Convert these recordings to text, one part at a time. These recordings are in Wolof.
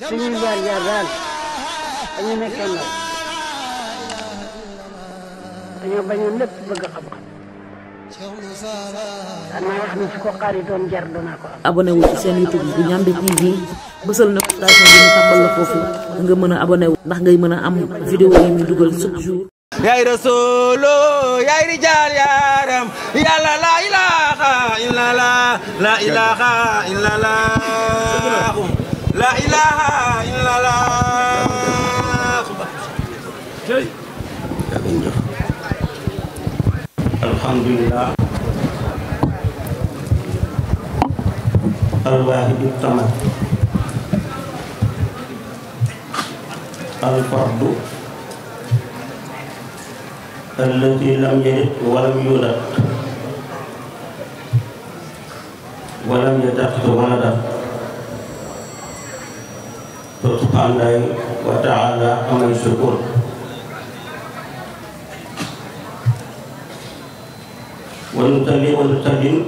suñuy jaar-jaar daal dañu nekkee ndaw dañoo bañoon lépp bëgg xam-xam xam ne su ko xaar bu Ndiamé TV bësal na station bi nga mën a ndax ngay mën a am vidéo yi ñu dugal chaque jour. yaay rasoolo yaay rijaal yaaram yàlla laa ilaaha illallah laa ilaaha illallah la ilaha illallah alhamdulillah alwahid alsamad الفرد الذي لم يلد ولم يولد ولم يتخذ ولدا subhanallahi wa ta'ala amal shukur wa nusalli wa nusallim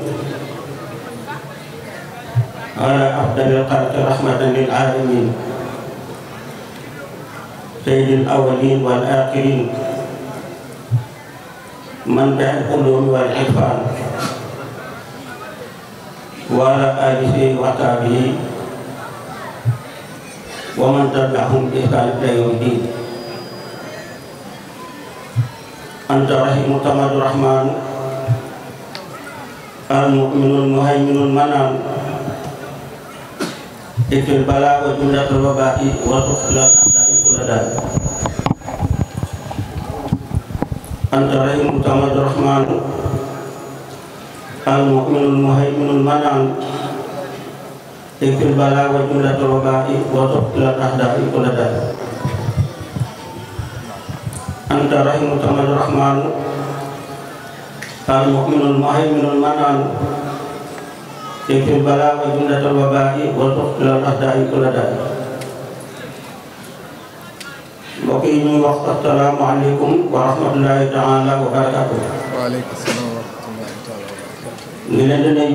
ala afdalil xalqi rahmatan lil alamin sayyidil awwalin wal akhirin manba'il ulumi wal irfan wa ala alihi wa sahbihi ومن تبعهم بإحسان إلى يوم الدين أنت رحيم التمد الرحمن المؤمن المهيمن المنان اكفي البلاء وجملة الوباء وتخفي الأعداء كل داء أنت رحيم التمد الرحمن المؤمن المهيمن المنان Ibn Bala wa Jumlatul Wabai wa Tuhtilat Ahdai Kuladai Anta Rahman Al-Mu'minul Muhaiminul Manan Ibn Bala wa Jumlatul Wabai wa Tuhtilat Ahdai Kuladai Wakini waktu Assalamualaikum warahmatullahi ta'ala wabarakatuh Waalaikumsalam warahmatullahi ta'ala wabarakatuh Nilai-nilai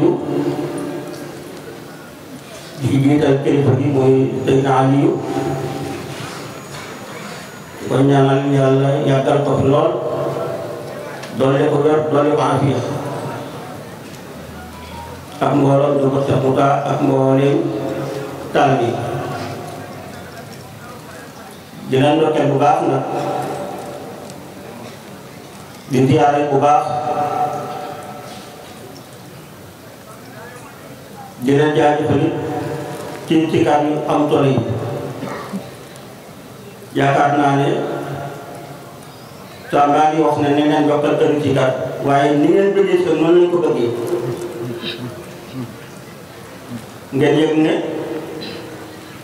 di jiital kilifa gi mooy Seydina Aliyu ko ñaanal yàlla yàggal ko fi lool doole ko wér doole ko afiya ak mbooloo du ko samuta ak mbooleem taal bi dina ci ci kan yu am solo yi yaakaar naa ne Tamba ngi wax ne nee nañ yokkal kër ci kan waaye ni ngeen bëggee seen noonu lañ ko bëggee ngeen yëg ne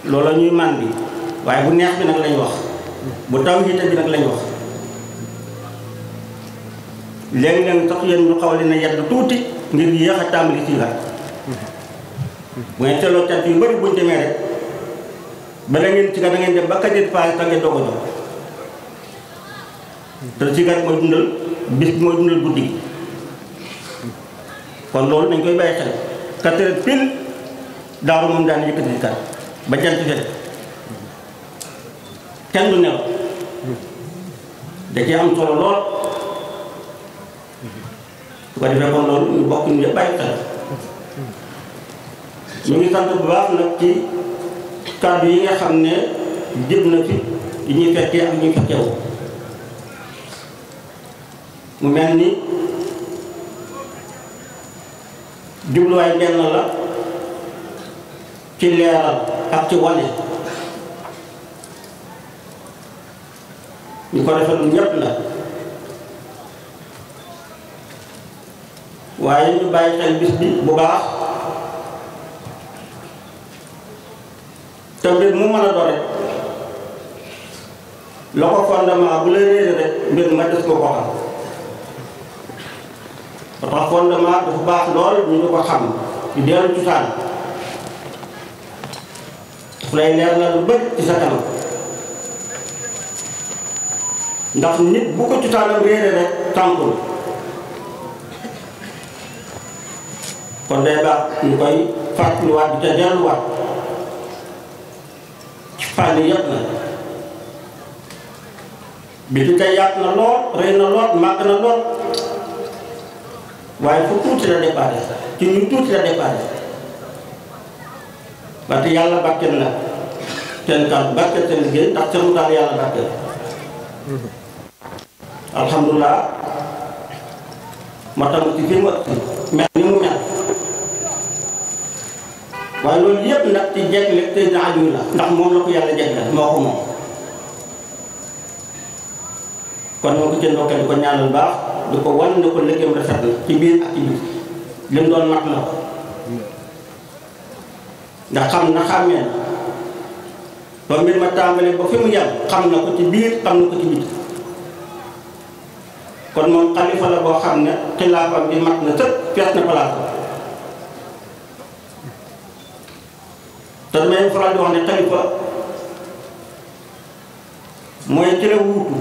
loola ñuy man bi waaye bu neex bi nag lañ wax bu taw bi nag lañ wax léegi nag tax yéen ñu xaw leen yedd tuuti ngir yéex a tàmbali ci kan bu ngeen seetloo cant yu bëri bu ñu demee rek bala ngeen ci kat da ngeen dem ba kajet a jox te ci kat mooy dundal bis loolu dañ koy bàyyi xel kat ba jant fekk kenn du nelaw ko defee kon loolu ñu bokk ñu bàyyi xel ñu ngi sant bu baax nag ci kàddu yi nga xam ne jëm na fi yi mu mel ni jubluwaay benn la ci leeral ak ci wane ñu ko defal ñépp la waaye ñu bàyyi xel bis bi bu baax te mbir mu mën a doon la ko fondement bu la réere rek mbir ma des ko ko xam ba tax fondement dafa baax lool ñu ñu ko xam di dellu cosaan daf lay leer na lu ci sa kanam ndax nit bu ko cosaanam réere rek tàmpul kon day baax ñu koy fàttaliwaat di ca delluwaat fànn yëpp na bi fi tey yàgg na lool rëy na lool màgg na lool waaye fu tuuti la déparé ci ñun tuuti la déparé wante yàlla bàkkeel na seen kan bàkkeel seen liggéey ndax seen daal yàlla bàkkeel alhamdulilah ma tam ci fi ma yëpp ndax la ndax moom la ko yàlla jagleel moo ko moom kon moo ko cee ndokkee di ko ñaanal baax di ko wan ne ko liggéeyam rafet na ci biir ak ci biir li mu doon mat na ko ndax xam na xàmmee na ba mbir ma tàmbalee ba fi mu yàgg xam na ko ci biir xam na ko ci biir kon moom xalifa la boo xam ne xilaafam bi mat na sëpp fees na palaasam te may faral di wax ne xalifa mooy ki la wuutu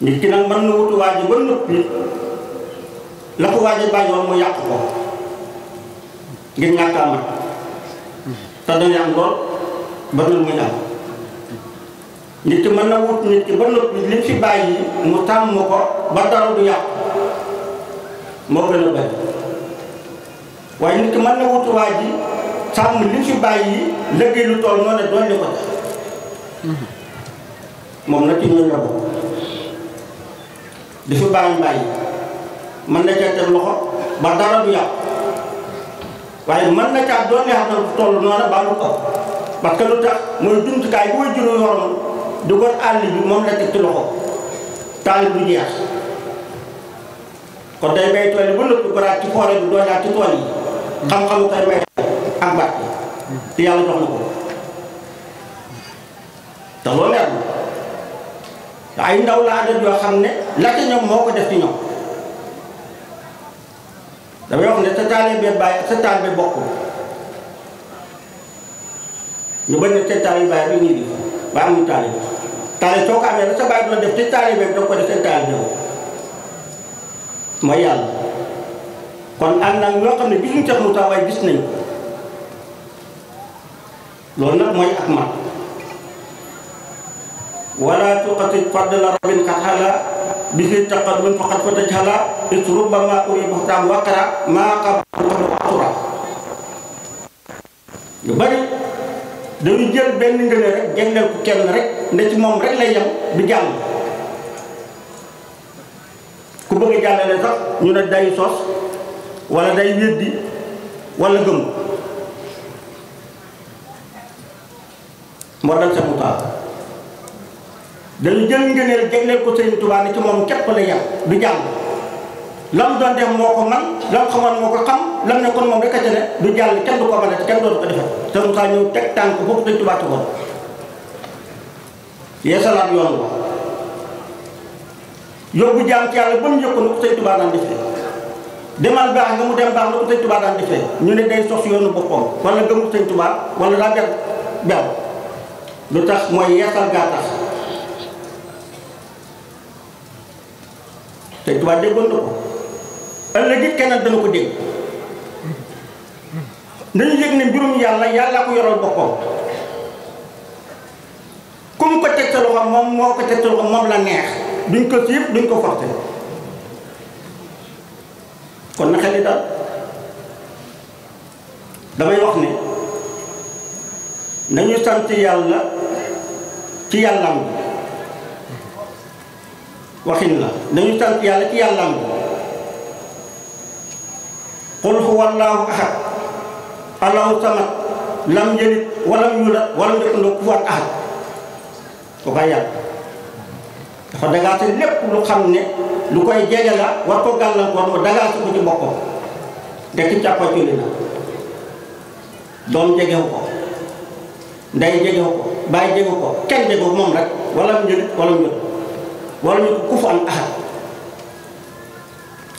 nit ki nag mën na wutu waa ji ba noppi la ko waa ji bàyyoon mu yàq ko ngir ñàkk a mat lool ba nul muy am nit ki mën na wut nit ki ba noppi li fi bàyyi mu tàmm ko ba dara du yàqu moo gën a bari waaye nit ki mën na wut waa ji sàmm li fi bàyyi liggéey lu tool noonu ne doon li ko moom nag ci ñooñu la di fi bàyyi bàyyi mën na caa teg loxo ba dara du yàqu waaye mën na caa doon li xam ne lu toll noonu ba lu ko parce que lu tax mooy jumtukaay bu way juróom yoroon di ko àll bi moom la teg loxo taal du jeex kon day bay tool yi ba nëpp ko ci xoore doo daal ci tool yi xam-xamu koy may ak baat te yàlla jox na ko te loolu leer na ay ndaw laa àndal yoo xam ne la ca ñoom moo ko def ci ñoom damay wax ne sa taalee bee sa taal bee bokk ñu bañ ne seen taal yi bàyyi bi ñuy def ba amuñu taal yi taal yi soo ko amee la sa bàyyi doon def te taal doo ko def seen taal mooy yàlla kon ànd ak ñoo xam bi ñu jox mu tawaay gis nañ loolu nag mooy ak mat wala tuqatit fadla rabbin ka bi fi taqarrun faqad fataj xala it rubbama uri buxtaan waqara yu bari dañu jël rek jëndal ko kenn rek ne ci moom rek lay yem di ku bëgg sax ñu ne day sos wala day weddi wala gëm moo dal sa mu taal dañu jël ngëneel jagleel ko Sëriñ Tuubaa ni ci moom képp la yem du jàll lam doon def moo ko man lam xamoon moo ko xam lam ne kon moom rek a ca du jàll kenn du ko mën a kenn dootu ko defe te mu ñëw teg tànk foofu Sëriñ Tuubaa ci woon yeesalaat yoon wa yóbbu jaam ci yàlla ba mu yëg ko ni ko Sëriñ defee demal baax nga mu dem baax na ko sëñ Tuubaa daan defee ñu ne day sos yoonu boppam wala gëmul sëñ Tuubaa wala daa ber ber lu tax mooy yeesal gaa tax sëñ Tuubaa déggoon na ko ëllëg it kenn dana ko dégg dañu yëg ne mbirum yàlla yàlla ko yoral boppam ku mu ko teg sa moom moo ko teg sa moom la neex duñ ko siif duñ ko forcé kon na xel li damay wax ne nañu sant yàlla ci yàllam waxin la nañu sant yàlla ci yàllam qul huwa allahu ahad allahu samad lam yalid walam yulad walam yakun lahu kufuwan ahad ko bàyyi yàlla dafa dagaate lépp lu xam ne lu koy jege la war ko gàllankoor mu dagaate ko ci boppam de ci càppa julli na doom jegewu ko ndey jegewu ko bàyyi jegewu ko kenn jegewu moom rek walla mu njëriñ walla mu njëriñ ku fa am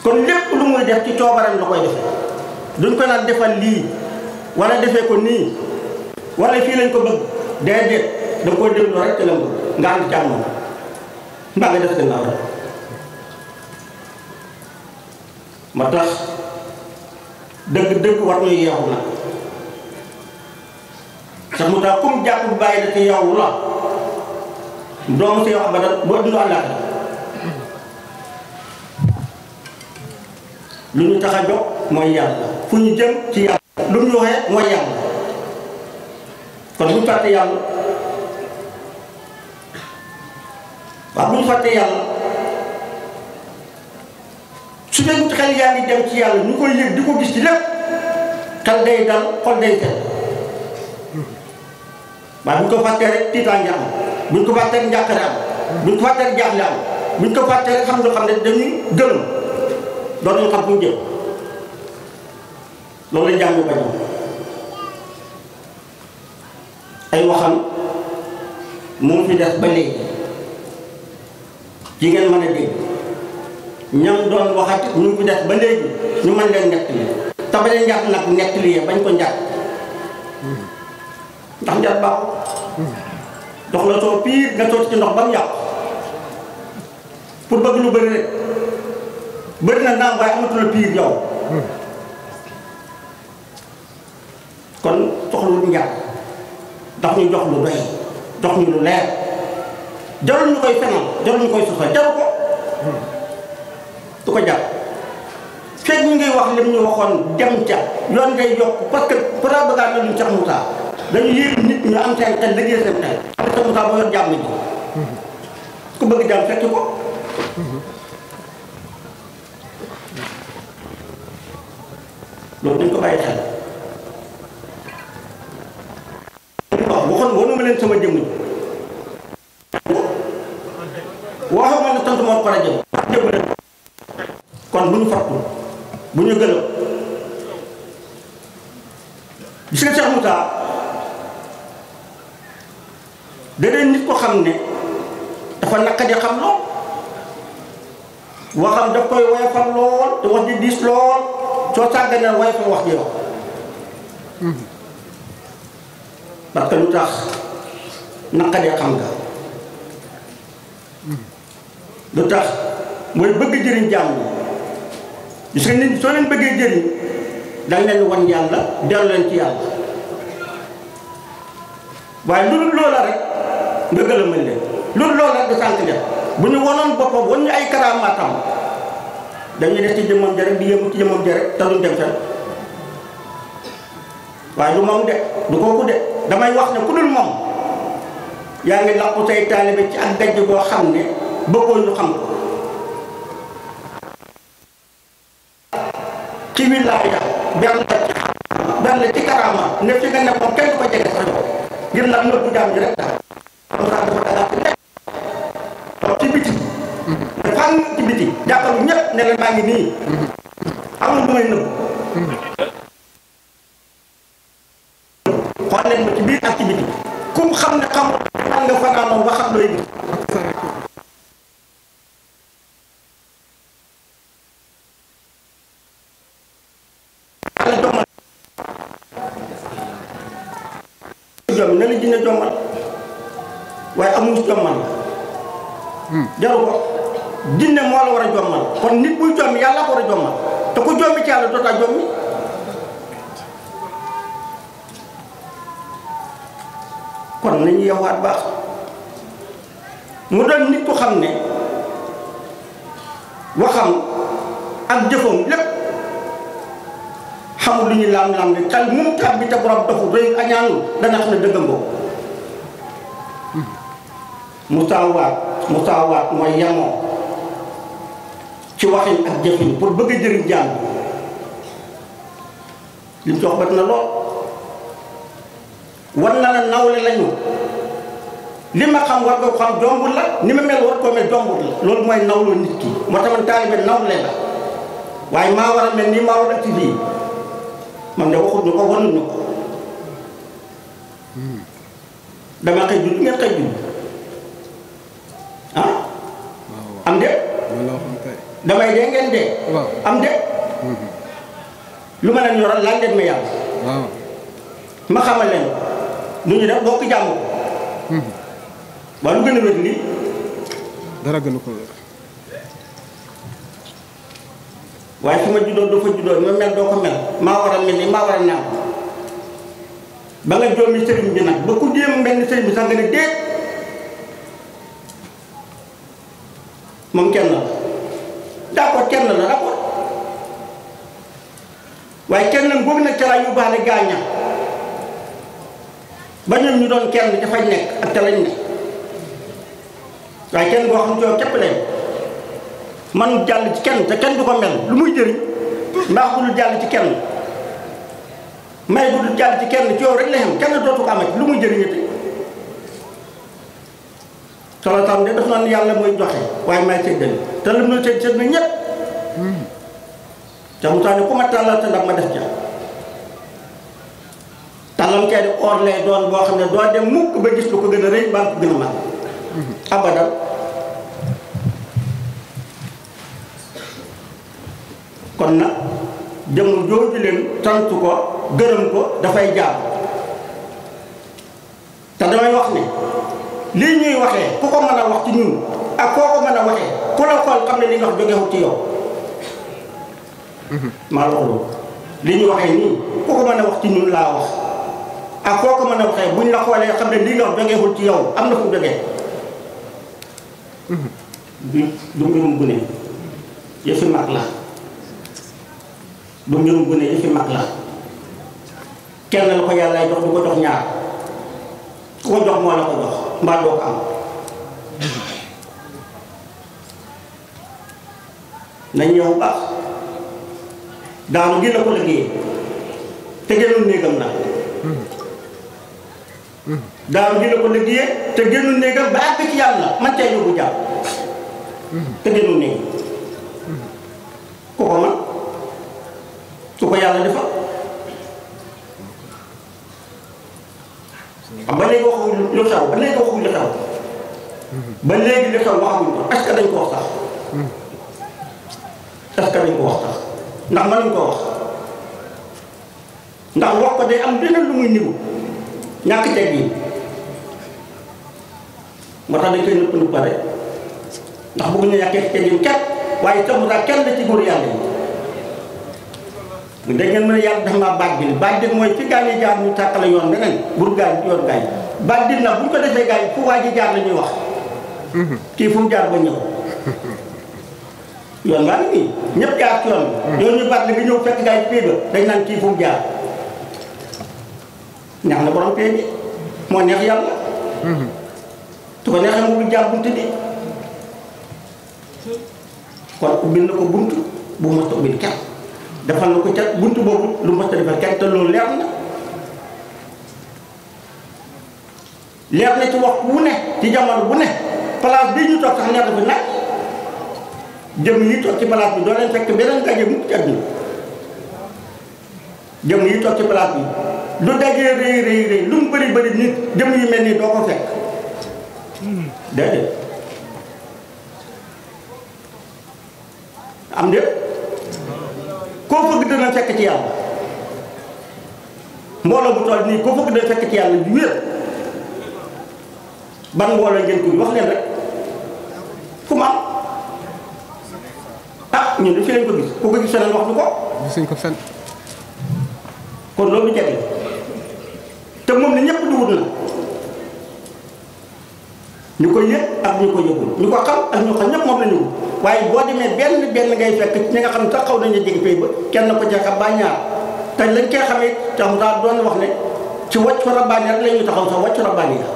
kon lépp lu muy def ci coobareem la koy defee duñ ko naan defal lii wala defee ko nii wala fii lañ ko bëgg déedéet da nga koy déglu rek te la nga am jàmm mbaa nga def gannaaw rek ma tax dëgg-dëgg war na yeewu nag te mu tax comme jàppul bàyyi da ci yeewu la doomu si yow abadan boo dund àllaat lu ñu tax a mooy yàlla fu ñu jëm ci yàlla lu ñu waxee mooy yàlla kon bu ñu fàtte yàlla waaw bu ñu fàttee yàlla su dee xel ngi dem ci yàlla ñu koy yëg di ko gis ci lépp xel day dal xol day teel waaye bu ñu ko fàttee rek tiitaange am bu ñu ko fàttee rek njàqare am bu ñu ko fàttee rek ko fàttee rek xam nga xam ne dañuy gëlëm dootuñu xam fu ñu jëm loolu la jàng bañ ay waxam mu ngi fi des ba léegi. yi ngeen mën a dégg ñam doon waxati ñu ko def ba léegi ñu mën leen nettali te ba leen njàpp nag nettali yee bañ ko njàpp ndax njàpp baaxul ndox la soo piir nga sotti ci ndox ba mu pour bëgg lu bëri na naam waaye amatul piir yow kon soxlawul njàpp ndax ñu jox lu doy jox ñu lu leer jarul ñu koy fenal jarul ñu koy suufal jaru ko du ko jàpp fekk ñu ngi wax lim ñu waxoon dem ca yoon ngay yokk parce que pour a bëgg a doon Cheikh Moussa dañu yéeg nit ñu am seen xel liggéey seen xel xam ne Cheikh Moussa moo yor bëgg jàmm fekk ko loolu dañ ko bàyyi xel. waaw waxoon woonu ma leen sama jëmm waxoon na ne tontu moom ko rajo kon bu ñu fàttu bu ñu gëlëm gis nga Cheikh Mouta danee nit ko xam ne dafa naqadi xam lool waxam daf koy woyofal lool te wax ji diis lool soo sàgganee woyofal wax wax parce que lu tax naqadee xam nga lu tax mooy bëgg jëriñ jàmm gis nga nit soo leen bëggee jëriñ danga leen wan yàlla dellu leen ci yàlla waaye lu dul loola rek nga gëlëmal leen lu dul loola bu ñu wanoon boppam wan ñu ay karaamaatam dañuy des ci jëmmam ja rek di ci jëmmam ja rek te duñ dem fenn waaye du moom de du kooku de damay wax ne ku dul moom yaa ngi làqu say taalibe ci ak dajj boo xam ne bëggoon ñu xam ko ci wilaaya benn benn ci karaama ne fi nga nekkoon kenn ko jege sax ngir la am jaam ji rek daal am naa dafa daal nekk ci biti ne mhm. fànn ñëpp ne leen ngi nii mhm. amul lu may nëbb mhm. xool leen ma ci biir activité kum xam ne xamul nan nga fanaanoo ba xam looy bi li dina jommal waaye amul jommal hmm. jaru ko jinne moo la war a jommal kon nit buy jommi yàlla ko war a jommal te ku jommi ci yàlla dootaa jommi kon nañu yeewaat baax mu doon nit ku xam ne waxam ak jëfam lépp xamul li ñuy laam-laam ne xel mu mu ne dëggam hmm. boobu mutaawaat mutaawaat ci waxin ak bëgg a jëriñ na lool ma xam war nga xam jombul la ni ma mel war koo mel jombul la loolu mooy nawloo nit ki moo tax man taalibe nawle la waaye maa war a mel nii maa war a ci man de waxut ñu ko wanut ñu ko hmm. dama xëy juddu ngeen xëy juddu ah am de hmm. lu ma leen ñoral laaj leen ma yàlla ma xamal leen lu ñu def bokk jàmm ko hmm. waaw lu gën a wér lii dara gënu ko waaye su ma juddoo doo fa juddoo ma mel doo ko mel maa war a mel ni maa war a naaw ba nga joomi sëriñ bi nag ba ku jéem mel ni sëriñ bi sax nga ne déet moom kenn la d'accord kenn la d'accord waaye kenn nag boobu ca laa yóbbaale gaaña ba ñoom ñu doon kenn dafay nekk ak ca lañ boo xam ne coow képp leen man jàll ci kenn te kenn du ko mel lu muy jëriñ mbaax bu jàll ci kenn may bu dul jàll ci kenn ci yow rek la xam kenn dootu ko lu muy jëriñati solo tam de daf naan yàlla mooy joxe waaye may séddale te lu mu la sédd na ñépp te mu tax ne ku ma tàllal te ndax ma def ja tàllam kee di doon boo xam ne doo dem mukk ba gis lu ko gën a rëy ba ko gën a mag abadan kon nag jëmm jooju leen tantu ko gërëm ko dafay jaar te damay wax ne lii ñuy waxee ku ko mën a wax ci ñun ak koo ko mën a waxee ku la xool xam ne li nga wax jógeewul ci yow mm-hmm. maa la li ñu waxee nii ku ko mën a wax ci ñun laa wax ak koo ko mën a waxee buñ la xoolee xam ne lii nga wax jógeewul ci yow am na fu jógee mm-hmm. du du mbirum gune yëfi mag la du mbirum gune yëfi mag la kenn la ko yàlla jox du ko jox ñaar ku ko jox moo la ko jox mbaa doo ko am nañ ñëw baax daanu dina ko liggéey te génnul néegam na daanu dina ko liggéey te génnul néegam ba àgg ci yàlla man cee yóbbu jàpp te génnul néeg ku ko man yàlla defal am ba léegi waxuñu lu xew ba léegi waxuñu lu xew ba léegi li xew waxuñu ko que dañ ko wax sax est dañ ko wax sax ndax mënuñ ko wax ndax wax ko day am leneen lu muy niru ñàkk teg yi moo tax dañ koy nëpp nëpp pare ndax bëgg ñu ñàkkee teg yi kat waaye itam daal kenn la ci góor yàlla yi da ngeen mën a yàlla def naa baat bi ni baat bi mooy fi gaal yi jaar ñu tàkkale yoon beneen bur gaal bu ñu ko defee gaay fu waa ji jaar la ñuy wax kii fu mu jaar ba ñëw yoon waa nii ñëpp jaar ci yoon bi hmm. ñu baat la ñëw fekk gaay fii ba dañ naan kii fu jaar neex na borom pee moo neex yàlla su hmm. ko neexee mu jaar bunt bi hmm. kon ubbil na ko bunt bu ma ubbil kenn defal na ko ca buntu boobu lu mos a defal kenn na leer ci jamono bu ne place bi ñu toog jëm yi ci place bi doo leen fekk ci àdduna jëm yi toog ci place mu bëri bëri nit jëm yu mel nii doo ko fekk déedéet am de koo fëgg dana fekk ci yàlla mbooloo bu toll nii koo fëgg dana fekk ci yàlla ju wér ban mbooloo ngeen ko wax leen rek fu mu am ah ñun de fi lañ ko gis ku ko gis feneen wax du ko. gisuñ ko kon loolu jafe te moom ne ñëpp dugub na ñu koy yëg ak ñu ko yëgul ñu ko xam ak ñu ko ñëpp moom la ñu waaye boo demee benn benn ngay fekk ñi nga xam ne sax xaw nañu jege fay ba kenn ko ca xam ba ñaar te lañ koy xamee te xam daal doon wax ne ci wàccu rabbaani rek la taxaw sax wàccu rabbaani ya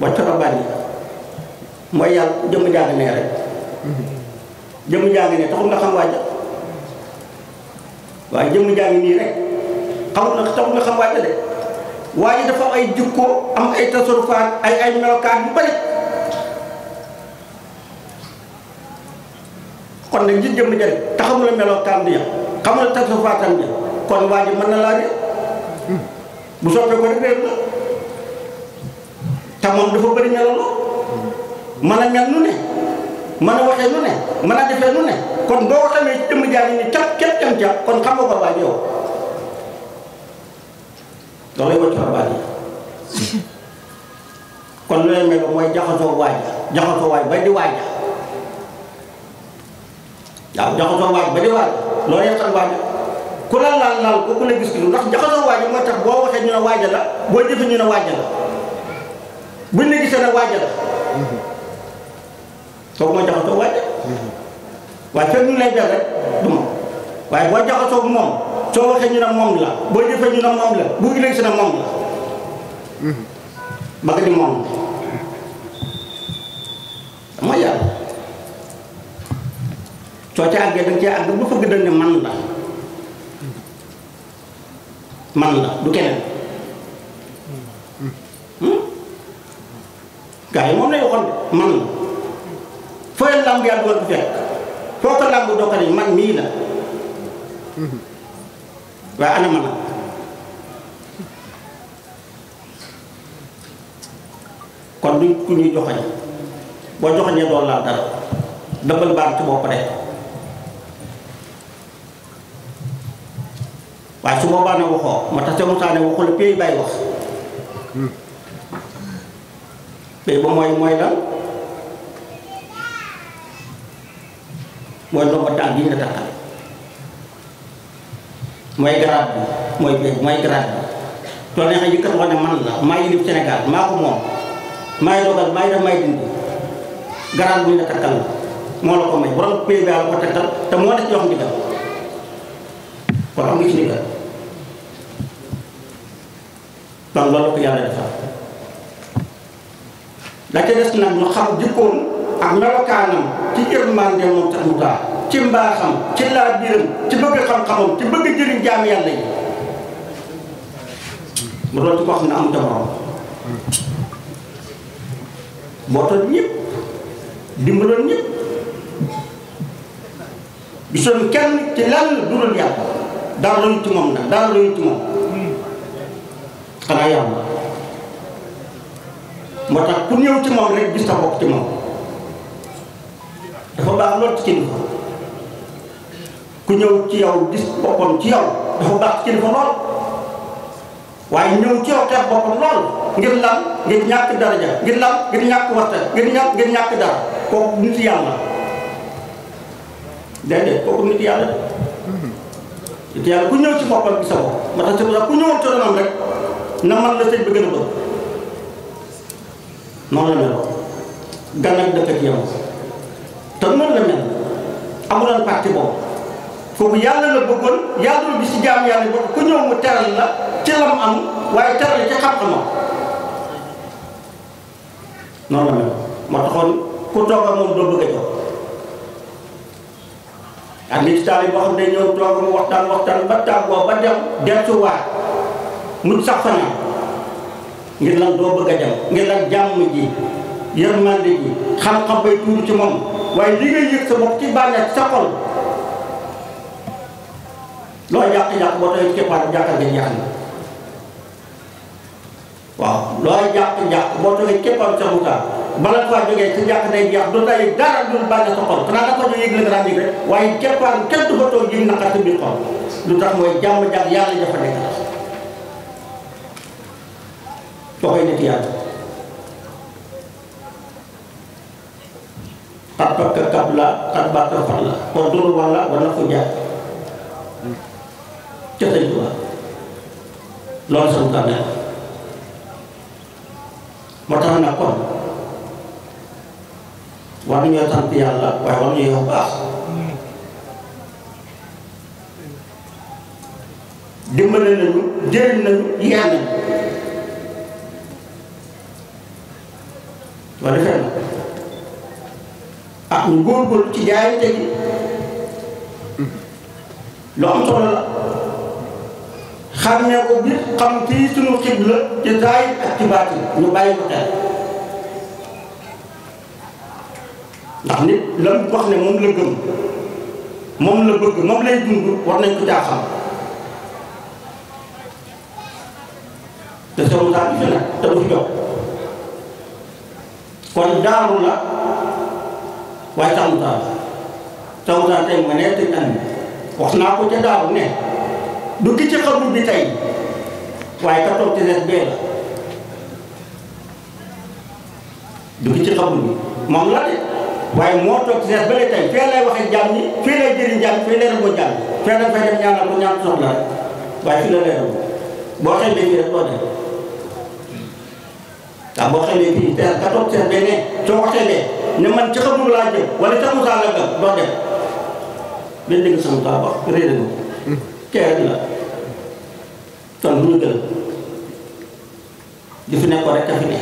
wàccu rabbaani mooy yàlla jëmm jàng nee rek jëmm jàng nee taxul nga xam waaja waaye jëmm jàng nii rek xamul na taxul nga xam waaja de waaye dafa ay jikko am ay tasarufaat ay ay melokaan yu bari kon nag ji jëmm jël te xamul melokaan bi ya xamul tasarufaatam bi kon waa ji mën na laa bu soppee ko rek réer la te moom dafa bëri melo la mën a mel nu ne mën a waxee nu ne mën a defee nu ne kon boo xamee jëmm jaar yi ni cap cap cap cap kon xam nga ko waa yow damay wàcc xabaar yi kon lu leen mel mooy jaxasoo waaj jaxasoo waaj ba di waaj loolu yëpp sax ku la laal laal ku ne gis lu ndax jaxasoo waaj mooy tax boo waxee ñu ne waaj la boo jëfee ñu ne waaj la buñ la gisee ne waaj la kooku mooy jaxasoo waaj mm-hmm. waaye fekk ñu lay def rek du waaye boo jaxasoo moom soo waxee ñu ne moom la boo jëfee ñu ñu ne moom la ba nga di moom àggee danga ca àgg bu fëgg dënn man la man la du keneen hmm? gaa moom lay waxoon man la fooy làmb yàlla du ko fekk foo ko làmb doo ko ne man mii la waaye ana man kon duñ ku ñuy joxoñ boo joxoñee doon laal dara dëbbal baar ci bopp de waaye su boobaa waxoo moo tax ca Musaa ne waxul bay wax pay ba mooy mooy lan mooy ndomba tànk yi nga takkal mooy grade bi mooy mooy grade bi loolu nga xam ne man la maa yilif Sénégal maa ko moom maay dogal maay def maay dindi grade bu ñu la takkal moo la ko may borom pays bi la ko takkal te moo la jox ndigal kon am nga ci ndigal donc loolu ko des nag ñu xam moom tax mu ci mbaaxam ci laa biiram ci bëgg xam-xamam ci bëgg jëriñ jaami yàlla yi mu doon ci koo xam ne am jamono moo tax ñëpp dimbaloon ñëpp gisoon kenn ci lenn dudul yàlla dara luñ ci moom nag dara luñ ci moom xanaa yàlla moo tax ku ñëw ci moom rek gis sa bopp ci dafa baax lool ci ku ñëw ci yow gis boppam ci yow dafa baax ci kilifa lool waaye ñëw ci yow xeex boppam lool ngir lan ngir ñàkk daraja ngir lan ngir ñàkk waxta ngir ñàkk ngir kooku nit yàlla déedéet nit yàlla ku ñëw ci boppam gis sa bopp ma tax ci ku ñëwoon ci rek na man la sëñ bi gën a noonu la meloon gan ak dëkk ak yow te noonu la mel amuloon parti boobu foofu yàlla la bëggoon yàlla bi si jaam yàlla bokk ku ñëw mu teral la ci lam am waaye teral ci xam-xamam noonu la mel moo taxoon ku toog moom doo bëgg a jox ak nit taal yi boo xam ne ñëw toog waxtaan waxtaan ba tàggoo ba dem delluwaat mu sax fanaan ngir lan doo bëgg a dem ngir lan jàmm ji yërmande ji xam-xam bay tuur ci moom waaye li ngay yëg sa bopp ci bànneex sa xol loo jàq-jàq boo tawee keppaaru jàkkal nga ñàkk waaw loo jàq-jàq boo tawee keppaaru cabutaan bala faa jógee ci jàq day jàq du tey dara dul bànne sa xol xanaa dafa ñu yëg xol lu tax mooy jàmm jàq yàlla dafa nekk waxoy nit yàlla xat bakka kab la xat bakka fat la kon duru wala wala fu jàpp ca sëñ Tuubaa loolu sama gàllankoor moo tax nag kon war nañoo sant yàlla waaye war nañoo yow baax dimbale nañu jëriñ nañu yéex nañu soo defee nag ah ñu góorgóorlu ci jaay tegi lu am solo la. xàmmee ko biir xam fii suñu xibla ci zaahir ak ci baatin ñu bàyyi ko xel ndax nit la mu wax ne moom la gëm moom la bëgg moom lay dund war nañ ko jaaxal te soo saa bi fi nag te du fi jox kon daaru la waaye taxutaan taxutaan tey ma ne te am wax naa ko ca daaru ne dugg ci xabru bi tey waaye ka toog bee la dugg ci xabru bi moom la de waaye moo toog ci nen ba lay tey fee lay waxee jàmm ñi fee lay jëriñ jàmm fee lay rëbboo jàmm fee la fay dem ñaanal ko ñaan soxla rek waaye fii la lay boo xamee fii te ka toog seen benn soo ko xamee ne man ci xamul laa jëm wala ca la nga dox dem benn dëgg sama baax réeré ko teer la tool bu ñu gën li fi nekkoon rek a fi ne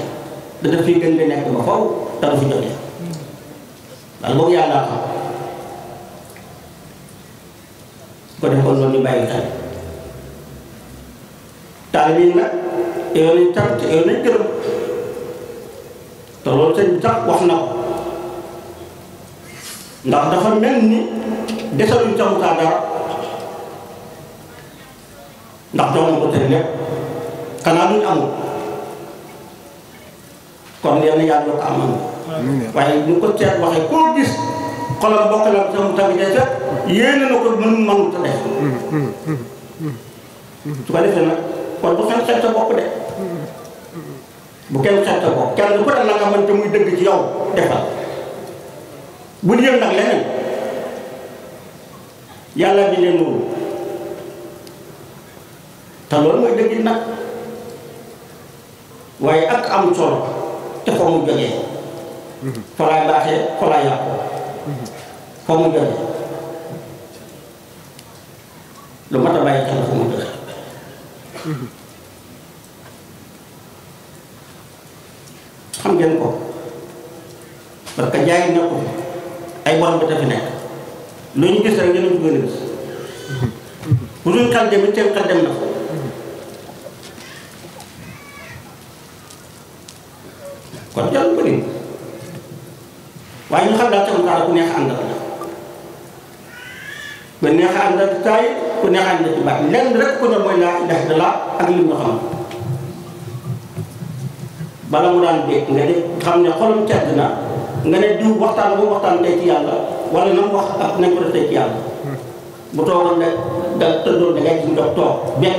dana fi gën di nekk ba faw te fi jógee daal boobu yàlla xam ko def kon loolu ñu bàyyi xel taal yi nag yow nañ tànt yow nañ gërëm te loolu sax wax na ko ndax dafa mel ni desaluñ saxutaa dara ndax jox na ko tey lépp xanaa luñ amul kon yéen a yàlla ko amal waaye ñu ko teet waxee koo gis xolam bokk na tam tamit day fekk yéene na ko mën mënut a def su ko defee nag kon bu kenn xeeb sa de bu kenn xeeb sa kenn nga te muy ci yow defal bu leneen bi leen te loolu mooy am solo lu mat a bàyyi xam ngeen ko parce que jaay nekkul ay borom bi dafa nekk lu ñu gis rek ñu gën a gis bu dul xel dem seen xel dem na kon jarul ko lim waaye ñu xam daal Soxna Talla ku neex a àndal la ku neex a àndal taay ku neex a àndal ci baat lenn rek ku ne mooy laa ilaha illallah ak lim mu daan dégg nga xam ne xolam tedd na nga ne diw waxtaan bu waxtaan tey ci yàlla wala na mu wax ak nañ ko def tey ci yàlla bu toogoon da da tëddoon da ngay ci ndox benn.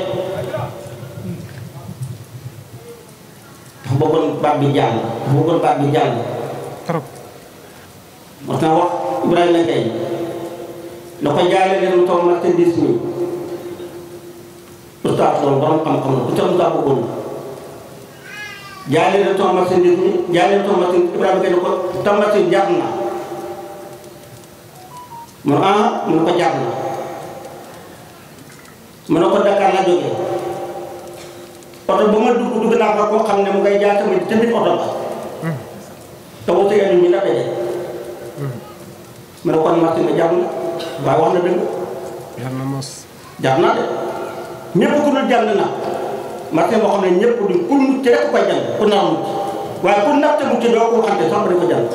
bëggoon baat bi jàll bëggoon baat bi jàll trop moo tax wax Ibrahima Gaye la ko jaale leen toog te dis mi ustaas loolu borom xam-xam la ku ca mu daa bëggoon jaale leen toog te dis mi jaale leen toog te Ibrahima Gaye ko tamati jàpp na mu ah, mu ne ko jàpp na mu ne ko Dakar la jógee oto ba ma dugg dugg naa fa koo xam ne mu ngay jaar tamit tamit oto hmm. te wutu yàlla la daje. Hmm. ma ne kon marché na waaye wax na dëgg. jàpp na mos. naa de ñëpp ku dul jàng naa marché moo xam ne ñëpp duñ ku mucc rek koy jàng ku nar a waaye ku natt mucc doo ko xam ne sax dañ ko jàng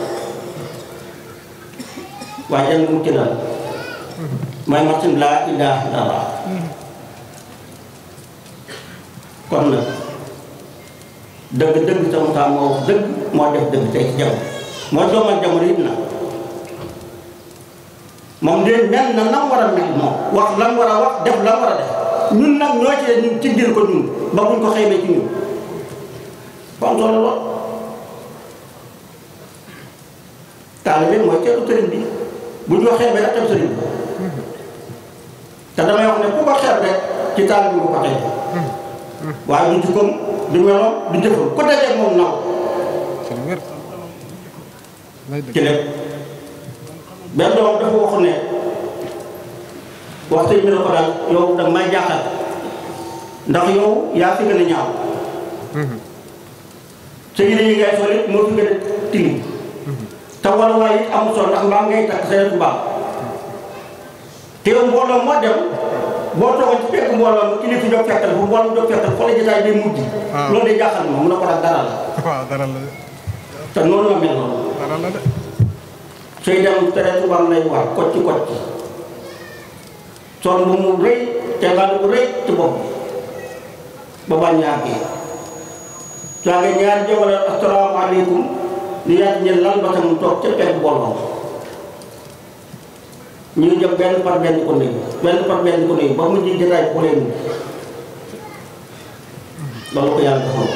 waaye jàng mucc daal hmm. mooy marché laa ilaaha illallaah kon nag dëgg-dëgg sama taam moo dëgg moo def dëgg tey ci moo doomal jamono it na moom de mel na lan war a mel moom wax lan war a wax def lan war a def ñun nag ñoo ci ci ngir ko ñun ba buñ ko xeymee ci ñun ba am solo lool taalibe mooy ceeru sëriñ bi bu ñu ko xeebee ak tam sëriñ bi mm-hmm. te damay wax ne ku ko xeeb rek ci taalibe bu ko xeeb waaye du jikkoom du meloom du jëfam ku dajeeg moom naw ci lépp benn doom dafa wax ne waxtu yi mi ne ko daal yow da may jaaxal ndax yow yaa fi gën a ñaaw sa yére yi ngay sol moo fi gën a te wala waaye sol ndax mbaam ngay takk sa mbaam te yow mbooloo moo dem boo toogoon ci pegg mbooloo mu kilifa jóg fettal bu mbooloo mu jóg fettal foo day mujj. Ah. loolu de jaaxal ma mun na ko dara la. waaw ah, noonu la mel noonu. dara la de. suy dem traite war lay war kocc kocc. son bu mu rëy te ngal rëy ci ba bañ a àggee. saa nga ñaar jóg wala asalaamaaleykum li yaatu ñu lan ba tam toog ca pegg mbooloo ñuy dem benn par benn ko nuyu benn par benn ko nuyu ba mu di jotaay ku leen ba nga ko yàlla defal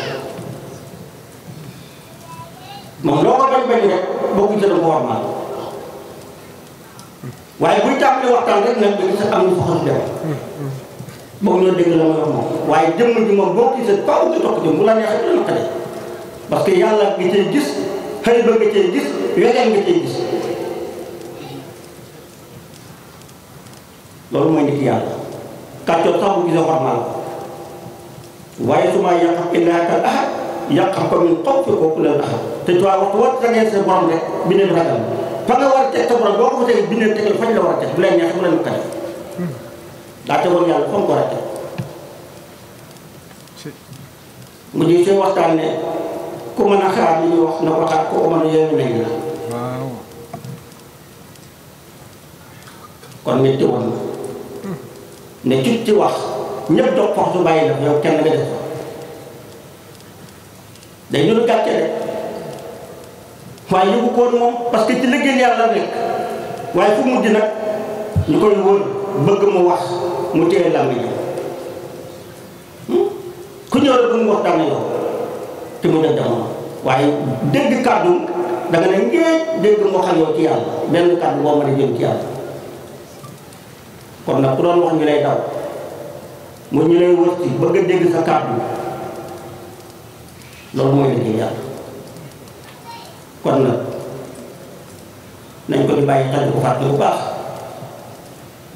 ko bañ bañ rek bokkuñ sa dama war naa waaye buy tàmbali waxtaan rek nag dañu sa am ñu fa xam dem boobu ñoo dégg la ma wax moom waaye jëmm ji moom boo gisee faaw nga topp jëm bu la neexee dina naqare parce que yàlla nga cee gis xëy ba nga gis weneen nga cee gis loolu mooy nit yàlla kàccoor sax bu gisee war naa ko waaye su ma yàqam illaa kal ahad yàqam ko min xaw fi kooku leen ahad te tuwaa waxtu war ragee fa nga a bindee teg la la war a teg bu leen neex bu leen ko def daa tegoon yàlla fa war a teg mu di suñu waxtaan ne ku mën a xaar li ñuy wax na ko ku ko mën a yéene nañ la kon métti woon ne ci ci wax ñëpp toog foofu su bàyyi la yow kenn nga def day ñu gàcce de waaye yëgu ko moom parce que ci liggéey yàlla nekk waaye fu mujj nag ñu koy wóor bëgg mu wax mu téye làmb yi hmm? ku ñëw rek mu wax daan na yow te mu def jamono waaye dégg kàddu da ne ngeen dégg moo xam yow ci yàlla benn kàddu boo mën a jëm ci yàlla. kon nag ku doon wax ñu lay daw mu ñu lay wër ci bëgg a dégg sa kàddu loolu mooy liggéey yàlla kon nag nañ ko di bàyyi xel bu fàtte bu baax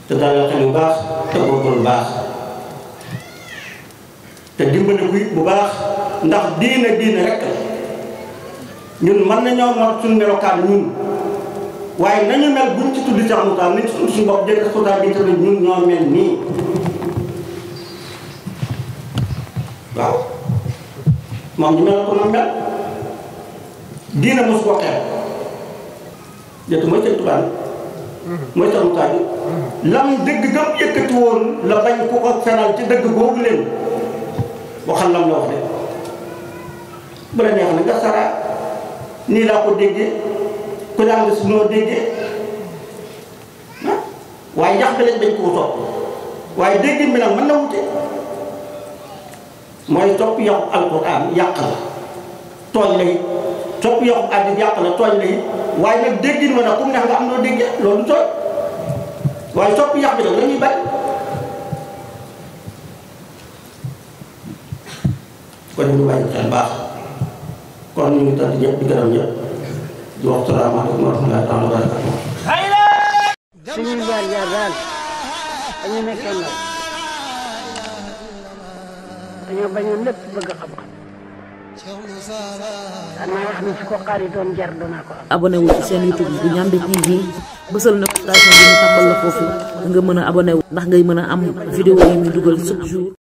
te dalal xel bu baax te góorgóorlu baax te dimbali kuy bu baax ndax diine diine rek ñun mën nañoo mot suñu melokaan ñun. waaye nañu mel buñ ci tudd Cheikh Moussa nañ ci tudd suñu bopp jëkk xutaa bi tamit ñun ñoo mel nii waaw moom ñu mel ko na mel diina mosu ko jëtu mooy Cheikh Touba mooy Cheikh Moussa bi lam dëgg gëm yëkkati woon la bañ ku ko fenal ci dëgg boobu leen waxal lam la wax de bu la neex nga sara nii laa ko déggee teraanga su noo déggee ah waaye yàq bi lañ bañ koo topp waaye déggin bi nag mën na wute mooy topp yàqu alquran yàq la tooñ la it topp yàqu àddina yàq la tooñ la it waaye nag déggin ma nag comme neex nga am noo déggee loolu tooñ waaye topp yàq bi nag la ñuy bañ kon ñu bàyyi xel baax kon ñu ngi tànn di gërëm ñëpp. di wax salaamaaleykum wa rahmatulah taala wa jaar jaar daal dañu nekkee ndaw dañoo bañoon lépp bëgg xam-xam. seen YouTube bu nga mën a abonné ndax ngay mën a am vidéo yi ñu dugal chaque